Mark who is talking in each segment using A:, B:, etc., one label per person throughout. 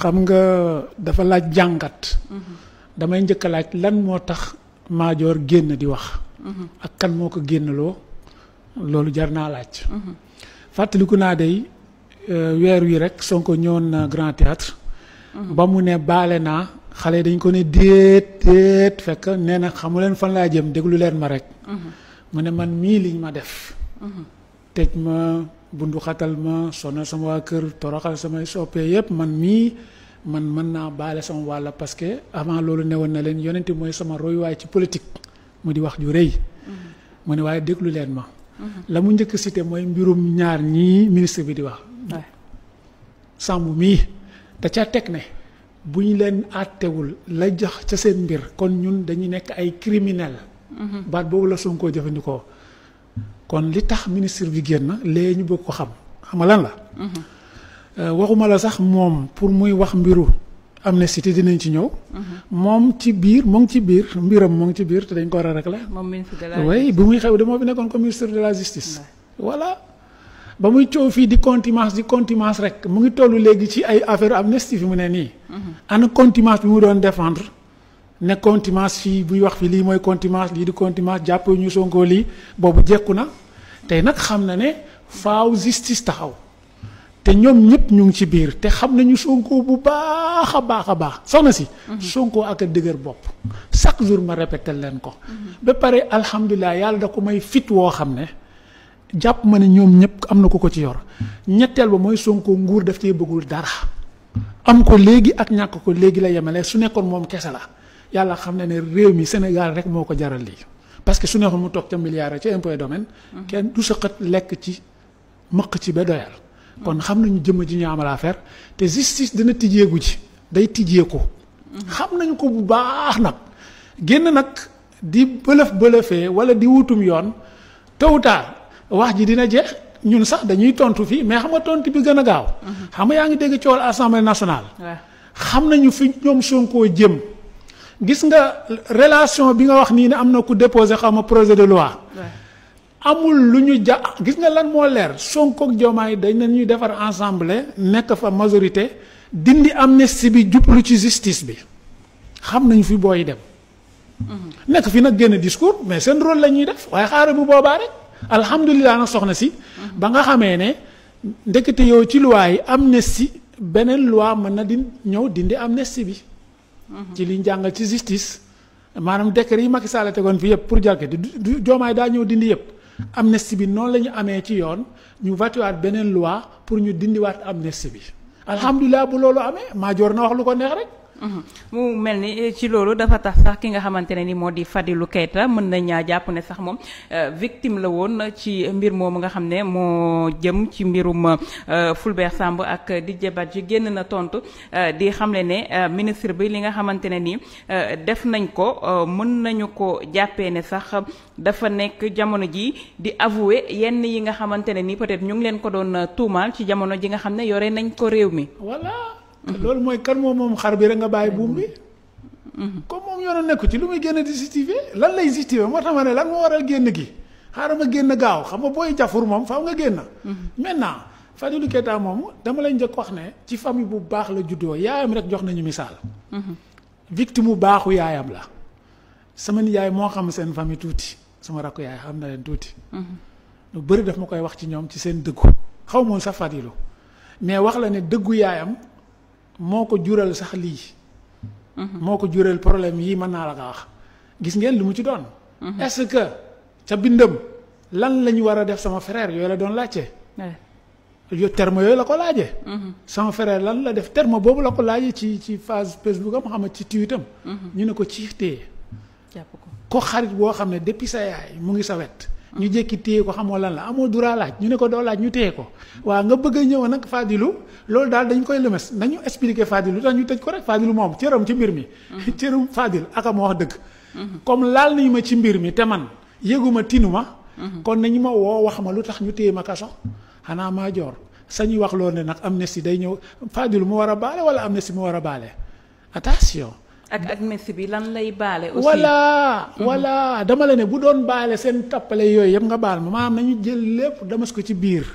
A: xam nga dafa laaj jàngat damay njëkk laaj lan moo tax maajoor génn di wax ak kan moo ko lo loolu jar naa laaj fàttaliku naa day e, weer wi rek sonko ñëwoon na grand théâtre ba mu ne baale naa xale dañ ko ne déet déet fekk nee na xamu leen fan laa jëm déglu leen ma rek uhuh. mu ne man mii liñ ma def uhuh. tej ma bundu xatal ma sonal sama waa kër toroxal samay soppee yëpp man mii man mën naa baale sama wàlla parce que avant loolu newoon na leen yonent mooy sama royuwaay ci politique mu di wax ju rëy mm-hmm. mu ne waaye déglu leen ma
B: mm-hmm. la
A: mu njëkk cité mooy mbirum ñaar ñii ministre bi di wax sàmm mii te ca teg ne bu ñu leen àttewul la jox ca seen mbir kon ñun dañuy nekk ay criminel
B: mm-hmm. baat
A: boobu la Sonko jëfandikoo kon li tax ministre bi génn lee ñu bëgg ko xam xam nga lan la. Euh, waxuma la sax moom pour muy wax mbiru amnistie te dinañ ci ñëw. moom ci biir mu ngi ci biir mbiram mu ngi ci biir te dañ ko war a régler.
C: moom ministre de la
A: oui bu muy xew de moo fi nekkoon comme ministre de la justice. voilà ba muy coow fii di contumace di contumace rek mu ngi tollu léegi ci ay affaire amnistie fi mu ne nii. Mhm. ana contumace bi mu doon défendre. ne contumace fii buy wax fi lii mooy contumace lii di contumace jàppee ñu Sonko lii boobu jekku na tey nag xam na ne faaw justice taxaw te ñoom ñëpp ñu ngi ci biir te xam nañu Sonko bu baax a baax a baax soxna si. Mhm. Sonko ak dëgër bopp chaque jour ma répété leen ko. Mhm. ba pare alhamdulilah yàlla da ko may fit woo xam ne jàpp ma ne ñoom ñëpp am na ku ko ci yor ñetteel ba mooy Sonko nguur daf cee bëggul dara am ko léegi ak ñàkk ko léegi la yemale su nekkoon moom kese la. yàlla xam na ne réew mi Sénégal rek moo ko jaral lii parce que su neexoon mu toog ca milliards ca impôt domaine. kenn du sëqat lekk ci mëq ci ba doyal. kon xam nañu jëmm ji ñu amal affaire te justice dina tijjeegu ji day tijjee ko. xam nañu ko bu baax nag génn nag di bëlëf bëlëfee wala di wutum yoon tôt ou wax ji dina jeex ñun sax dañuy tontu fii mais xam nga tontu bi gën a gaaw. xam nga yaa ngi dégg coowal assemblée nationale. xam nañu fi ñoom koo jëm. gis nga relation bi nga wax nii ne am na ku déposé xam ma projet de loi. amul lu ñu ja gis nga lan moo leer sonk ak Diomaye dañ na ñuy defar ensemble nekk fa majorité dindi amnistie bi jublu ci justice bi xam nañu fi booy dem. Mm-hmm. nekk fi nag génn discours mais seen rol la ñuy def waaye xaaral bu boobaa rek alhamdulilah nag soxna si. Mm-hmm. ba nga xamee ne ndekete yow ci loi yi amnistie beneen loi mën na di ñëw dindi am nesti bi. ci liñ jàngal ci justice maanaam décret yi Macky Sall tegoon fii yëpp pour jalkati du joomaay daa ñëw dindi yëpp amnistie bi noonu la ñu amee ci yoon ñu vatuwaat beneen loi pour ñu dindiwaat am amnistie bi ah. alhamdulilah bu loolu amee Madior na wax lu ko neex rek
C: Mm-hmm. mu mel ni eh, ci loolu dafa tax sax ki nga xamante ne ni moo di Fadilou Keita mën nañaa jàpp ne sax moom eh, victime la woon ci mbir moomu nga xam ne moo jëm ci mbirum eh, Fulbert sàmb ak Didier Badji génn na tontu di xamle ne ministre bi li nga xamante ne ni def nañ ko mën nañu ko jàppee ne sax dafa nekk jamono ji di avouer yenn yi nga xamante ne ni peut-être ñu ngi leen ko doon tuumaal ci jamono ji nga xam ne yore nañ ko réew mi
A: Mhm. loolu mooy kan moom moom xar bi rek nga bàyyi buum bi. Mhm. comme moom yoonu nekku ci lu muy génn di justifier lan lay justifier moo tax ma ne lan moo waral génn gi xaaral ma génn gaaw xam nga booy jafur moom faaw nga génn. Mhm. maintenant Fadilou Keita moom dama lay njëkk wax ne ci famille bu baax la juddoo yaayam rek jox nañu misaal. victime bu baaxu yaayam la. sama yaay moo xam seen famille tuuti sama rakk yaay xam na leen tuuti. lu bëri daf ma koy wax ci ñoom ci seen dëggu xaw moon sax Fadilou mais wax la ne dëggu yaayam. moo ko jural sax lii. moo ko jural problème yi mën naa la ko wax. gis ngeen lu mu ci doon. est que ca bindam lan la war a def sama frère yooyu la doon laajte. yo terme yooyu la ko laajee. Mhm. sama frère lan la def terme boobu la ko laajee ci ci phase Facebook am xam ci tweetam mhm. ñu ne ko ciif téye. ko ko xarit boo xam ne depuis sa yaay mu ngi sa wet. ñu jékki téye ko xamoo lan la amoo dura laaj ñu ne ko doo laaj ñu téye ko waa nga bëgg a ñëw nag Fadilou loolu daal dañ koy lëmes nañu expliquer lu tax ñu tëj ko rek Fadilou moom cëram ci mbir mi mhm. cërum Fadil aka ma wax dëgg mhm. comme laal nañu ma ci mbir mi te man yëguma tinuma mhm. kon nañu ma woo wax ma lu tax ñu téye ma kaso xanaa maa joor sañuy wax loolu ne nag amnistie day ñëw Fadilou mu war a baale wala amnistie mu war a baale attention
C: ak ak Messi bi lan lay baale. aussi voilà
A: mhm. voilà dama la ne bu doon baale seen tappale yooyu yëpp nga baal ma na ñu jël lépp damas ko ci biir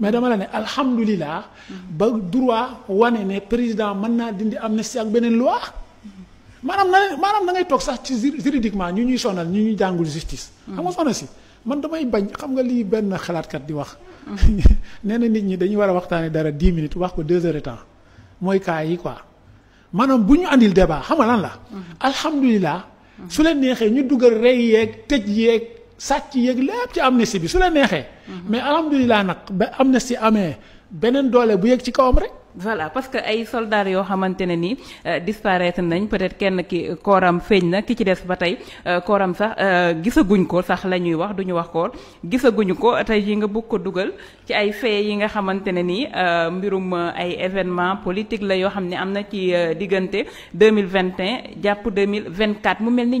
A: mais dama la ne alhamdulilah. Mhm. ba droit wane ne président mën naa dindi amnistie ak beneen loi. maanaam na maanaam da ngay toog sax ci juridiquement ñu ñuy sonal ñu ñuy jàngul justice. Mhm. xam nga soxna si man damay bañ xam nga lii benn xalaatkat di wax. nee na nit ñi dañu war a waxtaanee dara dix minutes wax ko deux heures de temps yi quoi. manam buñu andil débat xam nga lan la. alhamdullilah su la neexee ñu dugal rey yeeg tëj yeeg sàcc yeeg lépp ci amnesty bi su la neexee. mais alhamdullilah nag ba amnistie amee beneen doole bu yegg ci kawam rek.
C: voilà parce que ay soldats yo xamantene euh, disparaître peut-être kenn ki na ki ci des batay euh, sax euh, gisaguñ ko sax la wax duñu wax ko nga ci ay yi nga mbirum ay événement politique la yo amna ci digënté 2021 japp 2024 mu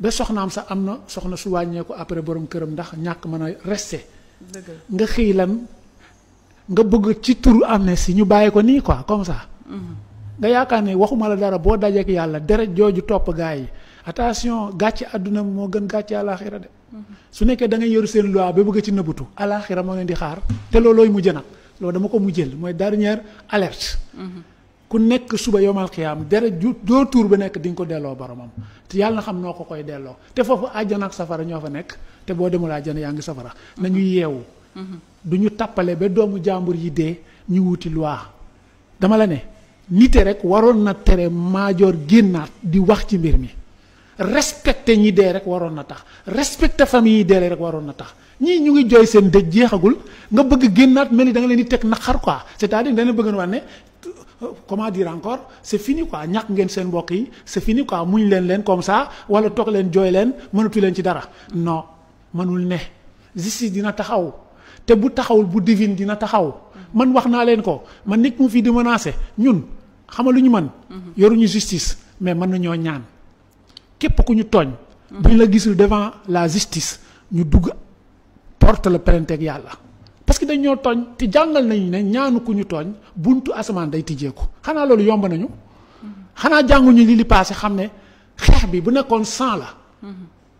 A: ba am sax am na soxna su wàññeeku après boroom këram ndax ñàkk mën a rester. nga xëy lan nga bëgg ci turu si ñu bàyyi ko nii quoi comme ça. Mm-hmm. nga yaakaar ne waxuma la dara boo dajeek yàlla deret jooju topp gaa yi attention gàcce àdduna moo gën gàcce àlaaxira de. Mm-hmm. su nekkee dangay ngay yoru seen loi ba bëgg ci nëbbatu àlaaxira moo leen di xaar te loolooy mujj nag loolu dama ko mujjël mooy dernière alerte. Mm-hmm. ku nekk suba yomal qiyam dere do tour ba nekk di nga ko delloo boromam te yàlla xam noo ko koy delloo te foofu àjjana ak safara ñoo fa nekk te boo demul àjjana yaa ngi safara nañu yeewu mm-hmm. duñu ñu tàppale ba doomu jàmbur yi dee ñu wuti loi dama la ne nite rek waroon na tere maajoor génnaat di wax ci mbir mi respecté ñi dee rek waroon na tax respecté famille yi dee rek waroon na tax ñi ñu ngi joy seen dëj jeexagul nga bëgg génnaat mel da nga leen di teg naqar quoi c' à dire bëgg comment dire encore c'est fini quoi ñak ngeen seen mbokk yi c'est fini quoi muñ leen leen comme ça wala tok leen jooy leen mënatu leen ci dara non mënul ne justice dina taxaw te bu taxawul bu divine dina taxaw man waxna naa leen ko man nit mu fi di menacer ñun xama luñu man mhm. yoruñu justice mais man nañu ñaan képp ku ñu bu la gisul devant la justice ñu dugg porte le plainte ak parce que dañ ñoo tooñ te jàngal nañ ne ñaanu ku ñu tooñ buntu asamaan day tijjeeku xanaa loolu yomb nañu xanaa jànguñu li li passé xam ne xeex bi bu nekkoon cent la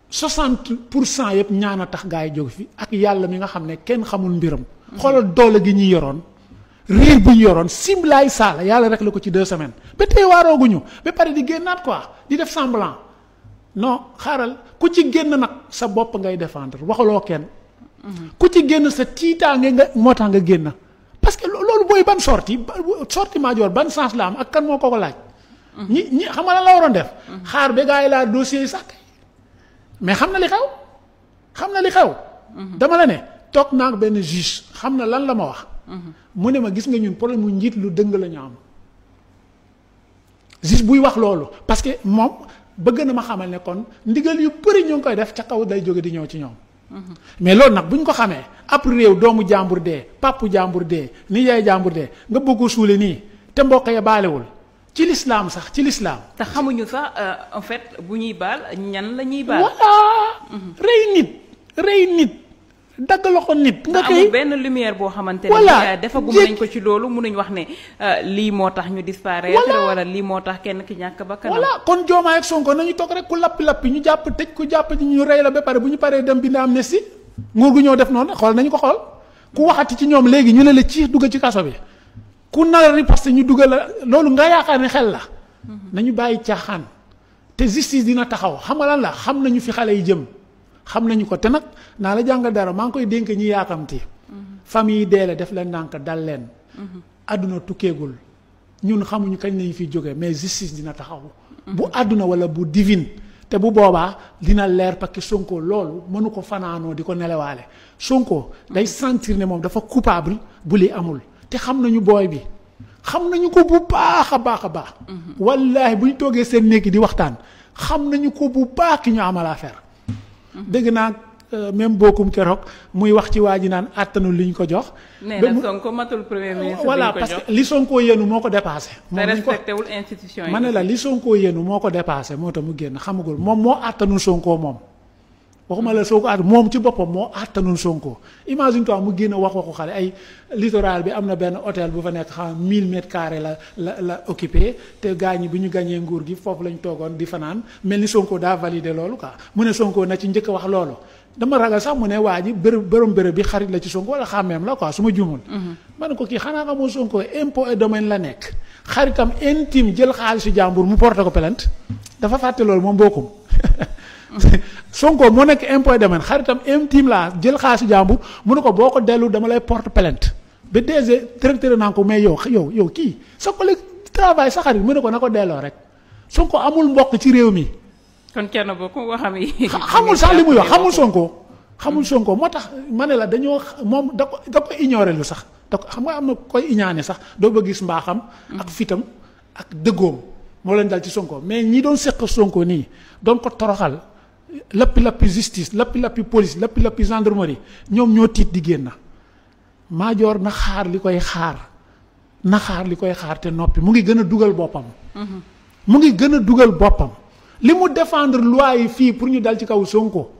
A: soixante pour cent yëpp ñaan a tax gars yi jóg fi ak yàlla mi nga xam ne kenn xamul mbiram xoolal doole gi ñuy yoroon réer bu ñu yoroon simlaay saala yàlla rek la ko ci deux semaines ba tey waarooguñu ba pare di génnaat quoi di def semblant non xaaral ku ci génn nag sa bopp ngay défendre waxaloo kenn ku ci génn sa tiitaange nga moo tax nga génn parce que loolu booy ban sorti sorti maajoor ban sens la am ak kan moo ko ko laaj. ñi ñi xam nga lan la waroon def. xaar be gars yi laa dossier yi sax mais xam na li xew xam na li xew. dama la ne toog naa benn juge xam na lan la ma wax. mu ne ma gis nga ñun problème mu njiit lu dëng la ñu am. juge buy wax loolu parce que moom bëgg na ma xamal ne kon ndigal yu bëri ñu ngi koy def ca kaw day jóge di ñëw ci ñoom. mais loolu nag bu ñu ko xamee ab réew doomu jàmbur dee pàppu jàmbur dee nijaay jàmbur dee nga bëgg suule nii te mbokk ya baalewul ci lislaam sax ci lislaam
C: te xamuñu sax euh, en fait bu ñuy baal ñan la ñuy baal. voilà mhm. rey nit rey nit. dagg loxo nit. nga tey benn lumière boo xamante ne. voilà defagum nañ ko ci loolu mënuñ wax ne euh, lii moo tax ñu disparaître. voilà wala lii moo tax kenn ki ñàkk ba kanam. voilà
A: kon Diomaye ak Sonko nañu toog rek ku lappi lappi ñu jàpp tëj jàpp ñu la ba pare bu ñu paree dem bind amnistie nguur gu ñëw def noonu xool nañu ko xool ku waxati ci ñoom léegi ñu ne la ci dugg ci kaso bi ku nar riposte ñu dugal la loolu nga yaakaar ne xel la. Mhm. nañu bàyyi caaxaan te justice dina taxaw xam nga lan la xam na ñu fi xale yi jëm. xam nañu ko te nag naa la jàngal dara maa ngi koy dénk ñi yaakamti famille yi deele def leen ndànk dal leen àdduna tukkeegul ñun xamuñu kañ lañu fi jóge mais justice dina taxaw bu àdduna wala bu divine te bu boobaa dina leer parce que Sonko loolu mënu ko fanaanoo di ko nelewaale Sonko day sentir ne moom dafa coupable bu li amul te xam nañu booy bi xam nañu ko bu baax a baax a baax mm-hmm. wallaahi bu ñu toogee seen néeg di waxtaan xam nañu ko bu baax ki ñu amal affaire dégg naa euh, même bokkum keroog muy wax ci waa ji naan àttanul li ñu ko jox. nee na
C: Sonko matul
A: li Sonko yéenu moo ko dépassé. moom
C: la respecté wul ma ne la
A: li Sonko yéenu moo ko dépassé moo tax mu génn xamagul moom moo àttanul sonkoo moom. waxuma la soo ko àtt moom ci boppam moo àttanul Sonko imagine toi mu génn wax waxu xale ay littoral bi am na benn hôtel bu fa nekk xam 1000 mètres la la la occupé te gaa ñi bi ñu gañee nguur gi foofu lañu toogoon di fanaan mel ni Sonko daa validé loolu quoi mu ne Sonko na ci njëkk wax loolu dama ragal sax mu ne waa ji bërëb borom bërëb bi xarit la ci Sonko wala xàmmeem la quoi su ma jumul mhm. ma ne ko kii xanaa xamoo Sonko impôt et domaine la nekk xaritam intime jël xaalisu jàmbur mu porté ko plainte dafa fàtte loolu moom bokkum mhm. sonko mo nek impôt man xaritam intime la jël xaalisu jambu mu ko boko delu dama lay porte plainte be DG directeur nan ko mais yow yow yow ki sa collègue travail sa xarit mu ne ko nako delo rek sonko amul mbokk ci rew mi
C: kon kenn bokku waxam
B: yi xamul sax limuy wax xamul
A: sonko xamul sonko motax mané la dañoo mom da ko ignorer lu sax da ko xam nga amna koy ignané sax do ba gis mbaxam ak mm. fitam ak deugom mo len dal ci sonko mais ñi doon sekk sonko ni doon ko toroxal lappi lappi justice lappi lappi police lappi lappi gendarmerie ñoom ñoo tiit di génn maajoor na xaar li koy xaar na xaar li koy xaar te noppi mu ngi gën a dugal boppam. Mm-hmm. mu ngi gën dugal boppam. li mu defendre loi yi fii pour ñu dal ci kaw Sonko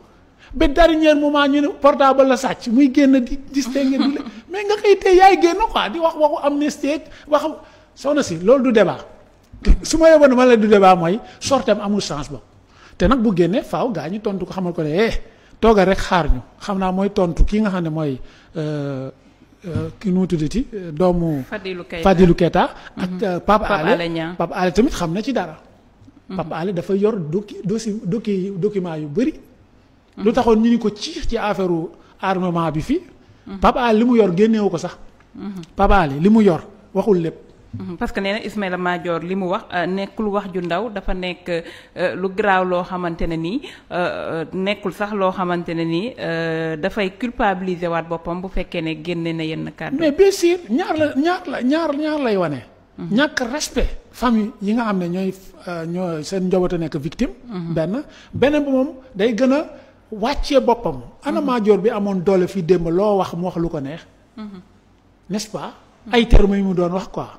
A: ba dernier moment ñu ne portable la sàcc muy génn di distingué du la mais nga xëy tey yaay génn quoi di wax waxu amnistie wax soxna si loolu du débat su ma yeboon ma la du débat mooy sortem amul chance ba. te nag bu génnee faaw gaa ñu tontu ko xamal ko ne eh toogal rek xaar ñu xam naa mooy tontu kii nga xam ne mooy euh, euh, ki nu mu tuddati doomu. Fadilou Keita mhm. ak euh, Pape Alé Pape Alé tamit xam na ci dara. Mhm. Pape Alé dafa yor doki dosi doki document yu bëri. Mhm. lu taxoon ñu ni ko ci ci affaire armement bi fii. Pape li mu yor génnewu ko sax. Pape Alé li mu yor waxul lépp.
C: Mhm. parce que nee na Ismaïla Madior li mu wax euh, nekkul wax ju ndaw dafa nekk euh, lu garaaw loo xamante ne nii euh, nekkul sax loo xamante ne nii dafay culpabiliser waat boppam bu fekkee ne génne na yenn kàddu. mais
A: bien sûr ñaar la ñaar la ñaar ñaar lay wane. Mhm. ñàkk respect famille yi nga xam ne ñooy ñoo seen njaboot nekk victime. Mhm. benn beneen bi moom day gën a wàccee boppam. ana Madior bi amoon doole fii démb loo wax mu wax lu ko neex. n'est-ce pas. ay termes yi mu doon wax quoi.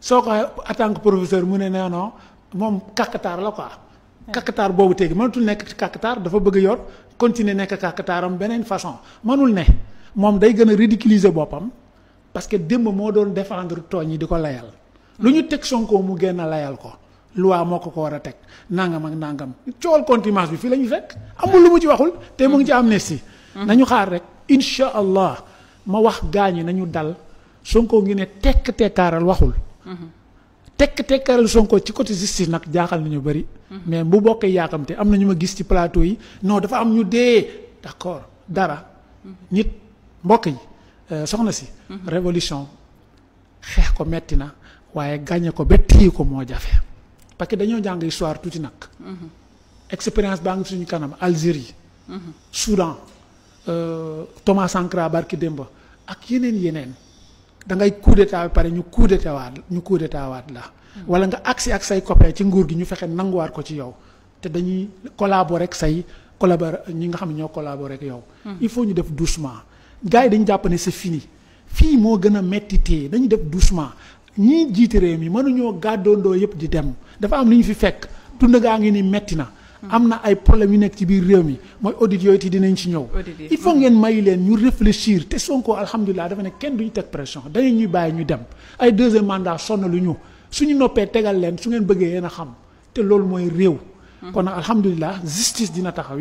A: soo ko en tant que professeur mu ne nee non moom kàkkataar la quoi kàkkataar boobu tegi mënatul nekk ci dafa bëgg yor continuer nekk kàkkataaram benen façon manul ne mom day gën a ridiculiser boppam parce que démb moo doon défendre tooñ yi layal lu ñu teg sonko mu layal ko loi moko ko ko war nangam ak nangam cool contumace bi fii la ñu amul lu mu ci waxul te mu ngi ci mm-hmm. nañu xaar rek insha allah ma wax gaañi nañu dal sonko ngi ne tekk tekkaaral waxul tekk tekkaaral Sonko ci côté justice nag jaaxal nañu bëri. mais bu bokkee yaakamte am na ñu ma gis ci plateau yi non dafa am ñu dee d'accord dara. nit mbokk yi euh, soxna si. révolution xeex ko metti na waaye gàññe ko ba téye ko moo jafe parce que dañoo jàng histoire tuuti nag. expérience baa ngi suñu kanam Algérie. Mhm. Soudan euh, Thomas Sankara barki Demba ak yeneen yeneen. da ngay coup d'état pare ñu coup d'état waat ñu coup d'état waat la wala nga aksi ak say copain ci nguur gi ñu fexe nanguwaat ko ci yow te dañuy collaborer ak say collabor ñi nga xam ne ñoo collaborer ak yow hmm. il faut ñu def doucement gaay dañu jàpp c'est fini fi mo gëna metti té dañu def doucement ñi jité réew mi mënuñoo gàddoondoo yépp di dem dafa am ñu fi fekk dund nga ngi ni metti na Mm-hmm. amna ay problème yu nek ci biir réew mi moy audit yoy ti dinañ ci ñew il faut mm-hmm. ngeen may leen ñu réfléchir té Sonko alhamdulilah dafa nek kenn duñu tek pression dañu ñuy bay ñu dem ay deuxième mandat sonna lu ñu suñu noppé tégal leen su ngeen bëggé yéen xam té lool moy réew mm-hmm. kon nag justice dina taxaw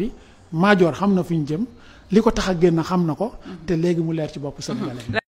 A: major xamna fiñ na jëm liko ko tax a na ko té légui mu leer ci bopp sénégalais